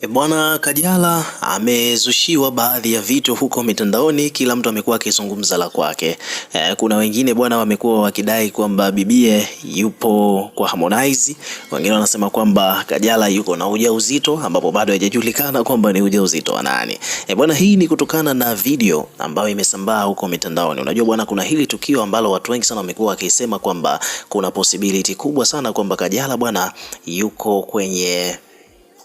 E, bwana, Kajala amezushiwa baadhi ya vitu huko mitandaoni, kila mtu amekuwa akizungumza la kwake. E, kuna wengine bwana wamekuwa wakidai kwamba bibie yupo kwa Harmonize, wengine wanasema kwamba Kajala yuko na ujauzito, ambapo bado haijajulikana kwamba ni ujauzito wa nani. E bwana, hii ni kutokana na video ambayo imesambaa huko mitandaoni. Unajua bwana, kuna hili tukio ambalo watu wengi sana wamekuwa wakisema kwamba kuna possibility kubwa sana kwamba Kajala bwana yuko kwenye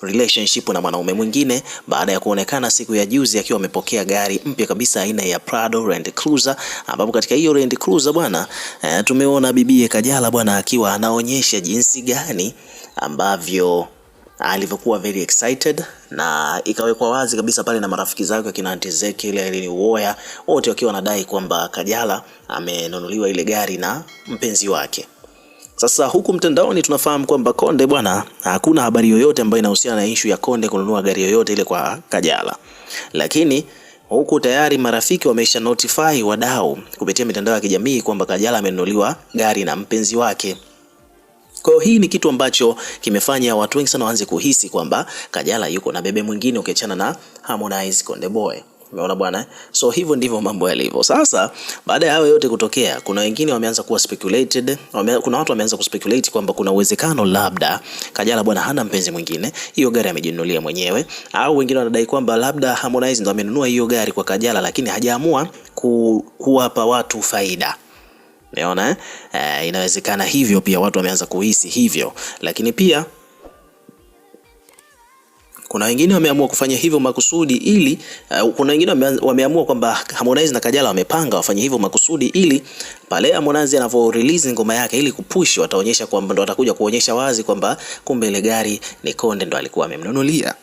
relationship na mwanaume mwingine baada ya kuonekana siku ya juzi akiwa amepokea gari mpya kabisa aina ya Prado Land Cruiser, ambapo katika hiyo Land Cruiser bwana eh, tumeona bibie Kajala bwana akiwa anaonyesha jinsi gani ambavyo alivyokuwa very excited na ikawekwa wazi kabisa pale na marafiki zake kina Aunty Zeki ile ile wote wakiwa wanadai kwamba Kajala amenunuliwa ile gari na mpenzi wake. Sasa huku mtandaoni tunafahamu kwamba Konde bwana, hakuna habari yoyote ambayo inahusiana na ishu ya Konde kununua gari yoyote ile kwa Kajala, lakini huku tayari marafiki wamesha notify wadau kupitia mitandao ya kijamii kwamba Kajala amenunuliwa gari na mpenzi wake. Kwa hii ni kitu ambacho kimefanya watu wengi sana waanze kuhisi kwamba Kajala yuko na bebe mwingine ukiachana na Harmonize Konde Boy. Umeona bwana eh? So hivyo ndivyo mambo yalivyo. Sasa baada ya hayo yote kutokea, kuna wengine wameanza kuwa speculated, wame, kuna watu wameanza kuspeculate kwamba kuna uwezekano labda Kajala bwana hana mpenzi mwingine, hiyo gari amejinunulia mwenyewe, au wengine wanadai kwamba labda Harmonize ndo amenunua hiyo gari kwa Kajala, lakini hajaamua kuwapa watu faida. Umeona eh? eh? Inawezekana hivyo pia, watu wameanza kuhisi hivyo, lakini pia kuna wengine wameamua kufanya hivyo makusudi ili uh, kuna wengine wameamua kwamba Harmonize na Kajala wamepanga wafanye hivyo makusudi ili pale Harmonize anavyo release ngoma yake ili kupush, wataonyesha kwamba ndo atakuja kuonyesha wazi kwamba kumbe ile gari ni Konde ndo alikuwa amemnunulia.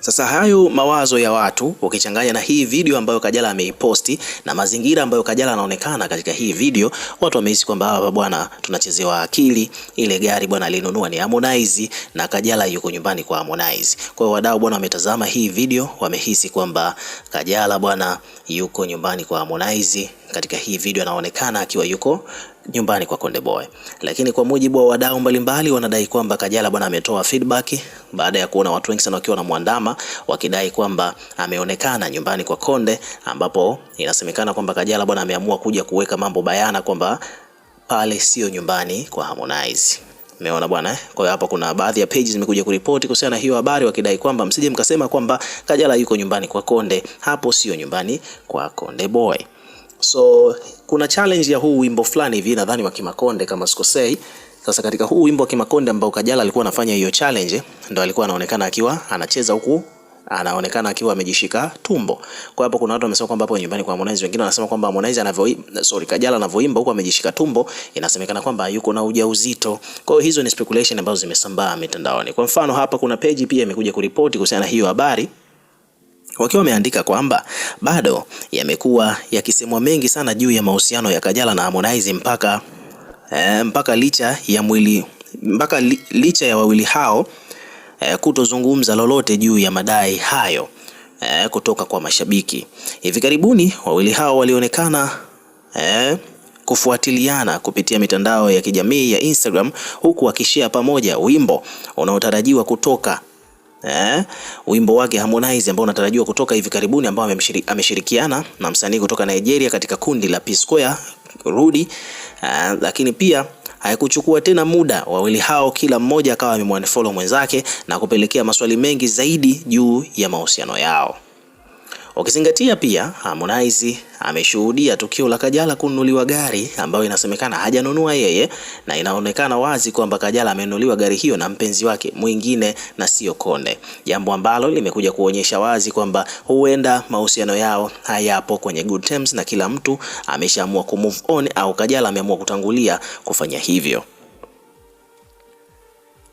Sasa hayo mawazo ya watu ukichanganya na hii video ambayo Kajala ameiposti na mazingira ambayo Kajala anaonekana katika hii video, watu wamehisi kwamba hapa bwana tunachezewa akili. Ile gari bwana alinunua ni Harmonize na Kajala yuko nyumbani kwa Harmonize. Kwa hiyo wadau bwana wametazama hii video, wamehisi kwamba Kajala bwana yuko nyumbani kwa Harmonize katika hii video anaonekana akiwa yuko nyumbani kwa Konde Boy, lakini kwa mujibu wa wadau mbalimbali wanadai kwamba Kajala bwana ametoa feedback baada ya kuona watu wengi sana wakiwa wanamwandama wakidai kwamba ameonekana nyumbani kwa Konde, ambapo inasemekana kwamba Kajala bwana ameamua kuja kuweka mambo bayana kwamba pale sio nyumbani kwa Harmonize. Umeona bwana eh? Kwa hiyo hapa kuna baadhi ya pages zimekuja kuripoti kuhusiana na hiyo habari wakidai kwamba msije mkasema kwamba Kajala yuko nyumbani kwa Konde, hapo sio nyumbani kwa Konde Boy. So kuna challenge ya huu wimbo fulani hivi nadhani wa Kimakonde kama sikosei. Sasa katika huu wimbo wa Kimakonde ambao Kajala alikuwa anafanya hiyo challenge, ndo alikuwa anaonekana akiwa anacheza huku anaonekana akiwa amejishika tumbo. Kwa hapo kuna watu wamesema kwamba hapo nyumbani kwa Harmonize, wengine wanasema kwamba Harmonize anavyo sorry, Kajala anavyoimba huko amejishika tumbo, inasemekana kwamba yuko na ujauzito. Kwa hiyo hizo ni speculation ambazo zimesambaa mitandaoni. Kwa mfano hapa kuna page pia imekuja kuripoti kuhusiana na hiyo habari wakiwa wameandika kwamba bado yamekuwa yakisemwa mengi sana juu ya mahusiano ya Kajala na Harmonize mpaka, eh, mpaka licha ya mwili mpaka li, licha ya wawili hao eh, kutozungumza lolote juu ya madai hayo eh, kutoka kwa mashabiki. Hivi karibuni wawili hao walionekana eh, kufuatiliana kupitia mitandao ya kijamii ya Instagram huku wakishia pamoja wimbo unaotarajiwa kutoka Eh, wimbo wake Harmonize ambao unatarajiwa kutoka hivi karibuni ambao ameshirikiana na msanii kutoka Nigeria katika kundi la P Square Rudi. Eh, lakini pia haikuchukua tena muda, wawili hao kila mmoja akawa amemwanfollow mwenzake na kupelekea maswali mengi zaidi juu ya mahusiano yao. Ukizingatia pia Harmonize ameshuhudia tukio la Kajala kununuliwa gari ambayo inasemekana hajanunua yeye, na inaonekana wazi kwamba Kajala amenunuliwa gari hiyo na mpenzi wake mwingine na sio Konde, jambo ambalo limekuja kuonyesha wazi kwamba huenda mahusiano yao hayapo kwenye good terms na kila mtu ameshaamua move on, au Kajala ameamua kutangulia kufanya hivyo.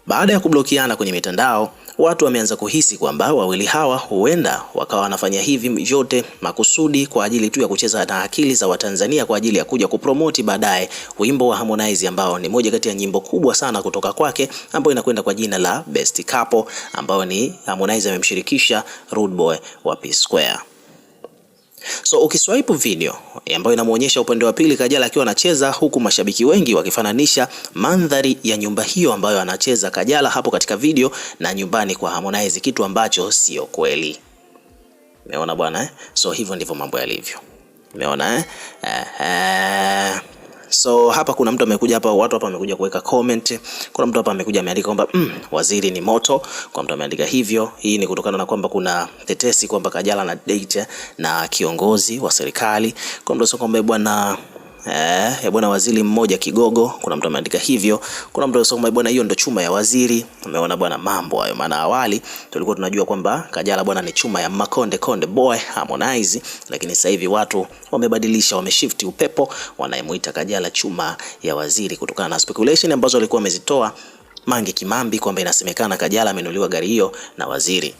Baada ya kublokiana kwenye mitandao, watu wameanza kuhisi kwamba wawili hawa huenda wakawa wanafanya hivi vyote makusudi kwa ajili tu ya kucheza na akili za Watanzania kwa ajili ya kuja kupromoti baadaye wimbo wa Harmonize ambao ni moja kati ya nyimbo kubwa sana kutoka kwake ambayo inakwenda kwa jina la Best Couple ambayo ni Harmonize amemshirikisha Rude Boy wa P Square. So ukiswipe video ambayo inamuonyesha upande wa pili Kajala akiwa anacheza, huku mashabiki wengi wakifananisha mandhari ya nyumba hiyo ambayo anacheza Kajala hapo katika video na nyumbani kwa Harmonize, kitu ambacho sio kweli. Umeona bwana eh? So hivyo ndivyo mambo yalivyo. Umeona eh? So hapa kuna mtu amekuja hapa, watu hapa wamekuja kuweka comment. Kuna mtu hapa amekuja ameandika kwamba mm, waziri ni moto. Kwa mtu ameandika hivyo. Hii ni kutokana na kwamba kuna tetesi kwamba Kajala na date na kiongozi wa serikali. Kwa mtu sio kwamba bwana eh, bwana waziri mmoja kigogo. Kuna mtu ameandika hivyo, kuna mtu anasema bwana, hiyo ndo chuma ya waziri. Umeona bwana, mambo hayo. Maana awali tulikuwa tunajua kwamba Kajala bwana ni chuma ya Makonde Konde boy Harmonize, lakini sasa hivi watu wamebadilisha, wameshift upepo, wanayemuita Kajala chuma ya waziri kutokana na speculation ambazo walikuwa amezitoa Mange Kimambi kwamba inasemekana Kajala amenuliwa gari hiyo na waziri.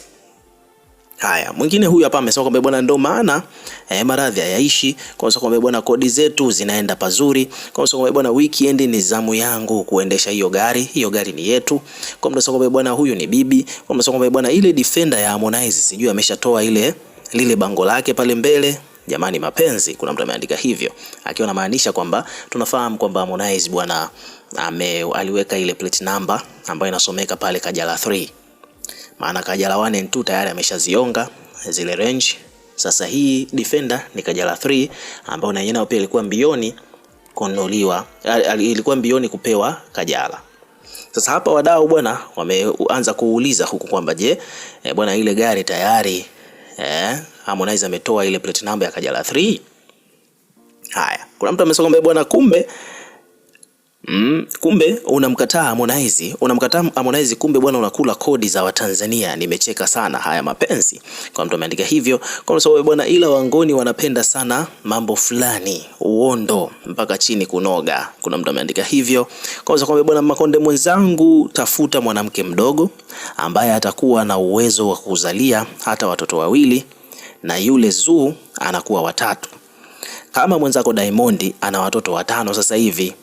Haya, mwingine huyu hapa amesema kwamba bwana, ndo maana eh, maradhi hayaishi. Kwa sababu kwamba bwana, kodi zetu zinaenda pazuri. Kwa sababu kwamba bwana, weekend ni zamu yangu kuendesha hiyo gari, hiyo gari ni yetu. Kwa sababu kwamba bwana, huyu ni bibi. Kwa sababu kwamba bwana, ile defender ya Harmonize sijui ameshatoa ile lile bango lake pale mbele Jamani, mapenzi. Kuna mtu ameandika hivyo akiwa anamaanisha kwamba tunafahamu kwamba Harmonize bwana ame aliweka ile plate number ambayo inasomeka pale Kajala maana Kajala 1 and 2 tayari ameshazionga zile range. Sasa hii defender ni Kajala 3 ambayo na yenyewe pia ilikuwa mbioni kununuliwa, ilikuwa mbioni kupewa Kajala. Sasa hapa wadau bwana wameanza kuuliza huku kwamba je, e, bwana ile gari tayari eh, Harmonize ametoa ile plate number ya Kajala 3. Haya, kuna mtu amesema kwamba bwana kumbe Mm, kumbe unamkataa Harmonize, unamkataa Harmonize, kumbe bwana unakula kodi za Watanzania. Nimecheka sana haya mapenzi. Kwa mtu ameandika hivyo kwa sababu bwana, ila wangoni wanapenda sana mambo fulani, uondo mpaka chini kunoga. Kuna mtu ameandika hivyo kwa sababu kwamba bwana, Makonde mwenzangu, tafuta mwanamke mdogo ambaye atakuwa na uwezo wa kuzalia hata watoto wawili, na yule Zuu anakuwa watatu. Kama mwenzako Diamond ana watoto watano sasa hivi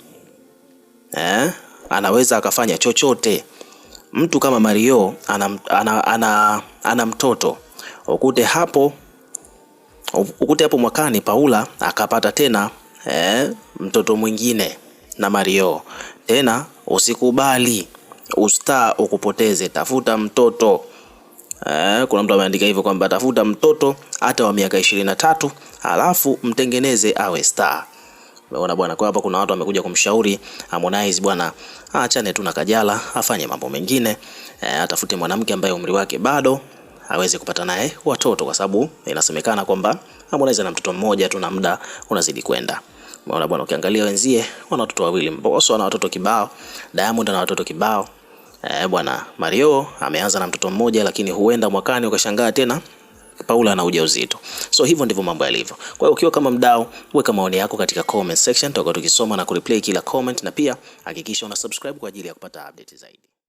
eh, anaweza akafanya chochote. Mtu kama Mario ana, ana, ana, ana mtoto ukute hapo ukute hapo mwakani Paula akapata tena eh, mtoto mwingine na Mario tena. Usikubali usta ukupoteze, tafuta mtoto eh, kuna mtu ameandika hivyo kwamba tafuta mtoto hata wa miaka ishirini na tatu alafu mtengeneze awe star. Umeona bwana, kwa hapa kuna watu wamekuja kumshauri Harmonize bwana, aachane tu na Kajala, afanye mambo mengine e, atafute mwanamke ambaye umri wake bado aweze kupata naye watoto, kwa sababu inasemekana kwamba Harmonize ana mtoto mmoja tu na muda unazidi kwenda. Umeona bwana, ukiangalia wenzie wana watoto wawili, Mbosso ana watoto kibao, Diamond ana watoto kibao. Eh, bwana Mario ameanza na mtoto mmoja, lakini huenda mwakani ukashangaa tena Paula ana ujauzito. So hivyo ndivyo mambo yalivyo. Kwa hiyo ukiwa kama mdau, weka maoni yako katika comment section, tutakuwa tukisoma na kureply kila comment, na pia hakikisha una subscribe kwa ajili ya kupata update zaidi.